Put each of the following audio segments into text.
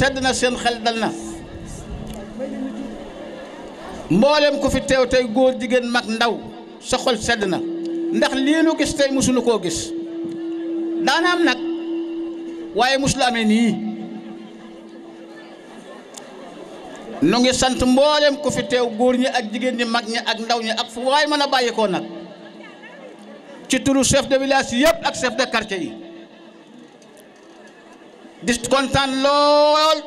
sedd na seen xel dal na mboolem ku fi teew tey góor jigéen mag ndaw sa xol sedd na ndax lii nu gis tey musulu koo gis daana nag waaye musulu amee nii nu ngi sant mboolem ku fi teew góor ñi ak jigéen ñi mag ñi ak ndaw ñi ak fu waay mën a bàyyi koo nag ci turu chef de village yëpp ak chef de quartier yi di kontaan lool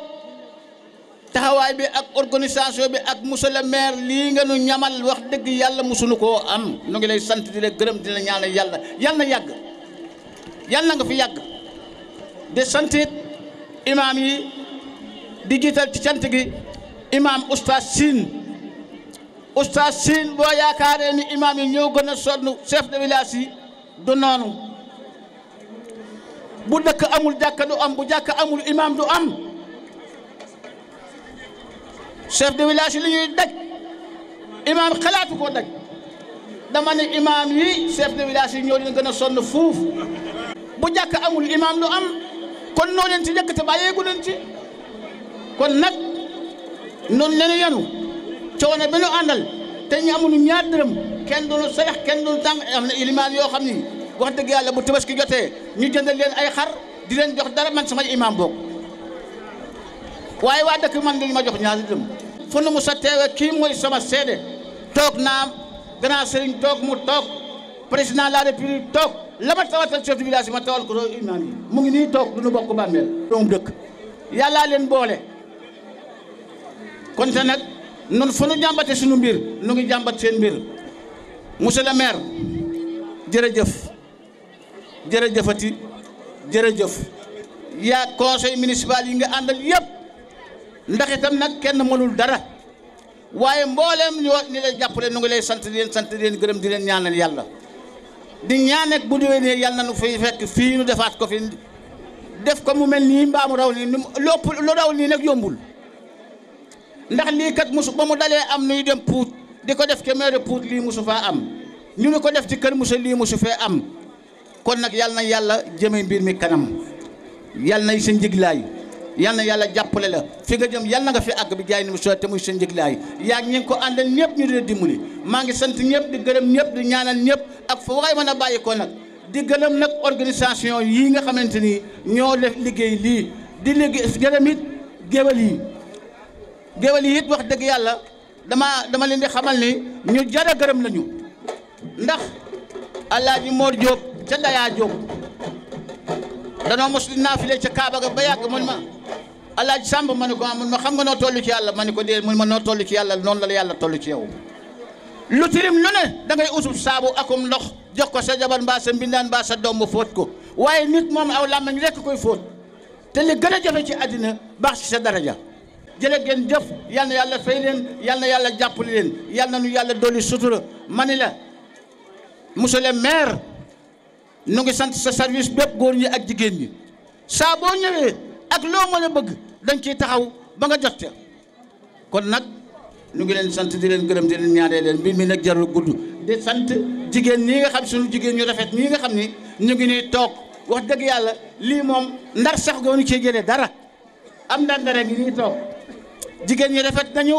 taxawaay bi ak organisation bi ak monsieur le maire lii nga nu ñamal wax dëgg yàlla musunu koo am nu ngi lay sant di la gërëm di la ñaanal yàlla yàlla na yàgg yàlla nga fi yàgg di santit imaam yi di jiital ci sant gi imaam oustaz Sine oustaz Sine boo yaakaaree ni imaam yi ñoo gën a sonn chef de village yi du noonu bu dëkk amul jàkka am bu jàkka amul imam du am chef de village li daj imam xalaatu ko daj dama ne imam yi chef de village yi ñoo leen gën a sonn fuuf bu jàkk amul imam du am kon noo ci njëkk te bàyyeegu leen ci kon nag noonu leenu yanu coono ne nu àndal te ñu amul ñaar dërëm kenn du nu sarax kenn du nu tàng am na ilimaan yoo xam ni wax dëgg yàlla bu tabaski jotee ñu jëndal leen ay xar di leen jox dara man sama imaam boog waaye waa dëkk man duñu ma jox ñaari dërëm fu nu mu sa teewe kii mooy sama seede toog naa grand sëriñ toog mu toog président de la république toog la ma tawatal chef ma tawal ko imaam yi mu ngi nii toog du nu bokk bàmmeel doom dëkk yàllaa leen boole konte nag nun fu nu jàmbate suñu mbir nu ngi jàmbat seen mbir monsieur le maire jërëjëf jërëjëfati jërëjëf yaa conseil municipal yi nga àndal yëpp ndax itam nag kenn mënul dara waaye mbooleem ñoo ñi lay jàppale nu ngi lay sant di leen sant di leen gërëm di leen ñaanal yàlla di ñaanek bu déwénee yàlla na nu fay fekk fii nu defaat ko fi def ko mu mel nii mbaamu raw nii lépp lu raw nii nag yombul ndax lii kat musu ba mu dalee am nuy dem puut di ko def ke maire puut lii musu faa am ñu ni ko def ci kër musa lii musu fee am kon nag yàlla na yàlla jëme mbir mi kanam yàlla nay sa njëglaay yàlla na yàlla jàppale la fi nga jëm yàlla na nga fi àgg bi jaay ni mu soo te muy sa njëglaay yaa ngi ko àndal ñëpp ñu dina dimbali maa ngi sant ñëpp di gërëm ñëpp di ñaanal ñëpp ak fa waay mën a bàyyi ko nag di gërëm nag organisation yii nga xamante ni ñoo def liggéey lii di liggéey gërëm it géwél yi géwél yi it wax dëgg yàlla dama dama leen di xamal ni ñu jar a gërëm lañu ndax Alaaji Mor ca Ndaya Diop danoo mos di naafile ca Kaaba ga ba yàgg mun ma Alaaji Sàmb ma ne ko mun ma xam nga noo toll ci yàlla ma ne ko dee mun ma noo toll ci yàlla noonu la la yàlla toll ci yow lu tilim lu ne da ngay usub saabu akum ndox jox ko sa jabar mbaa sa mbindaan mbaa sa doom fóot ko waaye nit moom aw làmmiñ rekk koy fóot te li gën a jafe ci àddina baax ci sa daraja jële ngeen jëf yal yàlla fay leen yal yàlla jàppale leen yal nu yàlla dolli sutura ma ni maire nu ngi sant sa service bépp góor ñi ak jigéen ñi saa boo ñëwee ak loo mën a bëgg dañ ciy taxaw ba nga jot kon nag nu ngi leen sant di leen gërëm di leen ñaanee leen mbir mi nag jarul gudd di sant jigéen ñi nga xam suñu jigéen ñu rafet ñii nga xam ni ñu ngi nii toog wax dëgg yàlla lii moom ndar sax goonu cee jëlee dara am ndar ndara ngi nii toog jigéen ñi rafet nañu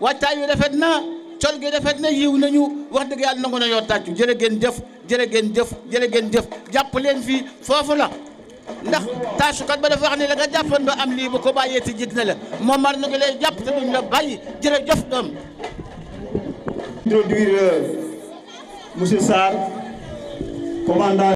waajtaay yu rafet na col gi rafet na yiw nañu wax dëgg yàlla nangu na yoo tàccu jërë ngeen jëf jërë ngeen jëf jërë ngeen jëf jàpp leen fii foofu la ndax taasukat ba dafa wax ne la nga jàppoon ba am lii bu ko bàyyee ti jig na la moom mar na ngi lay jàpp te duñ la bàyyi jërëjëf doom introduire monsieur Sarr commandant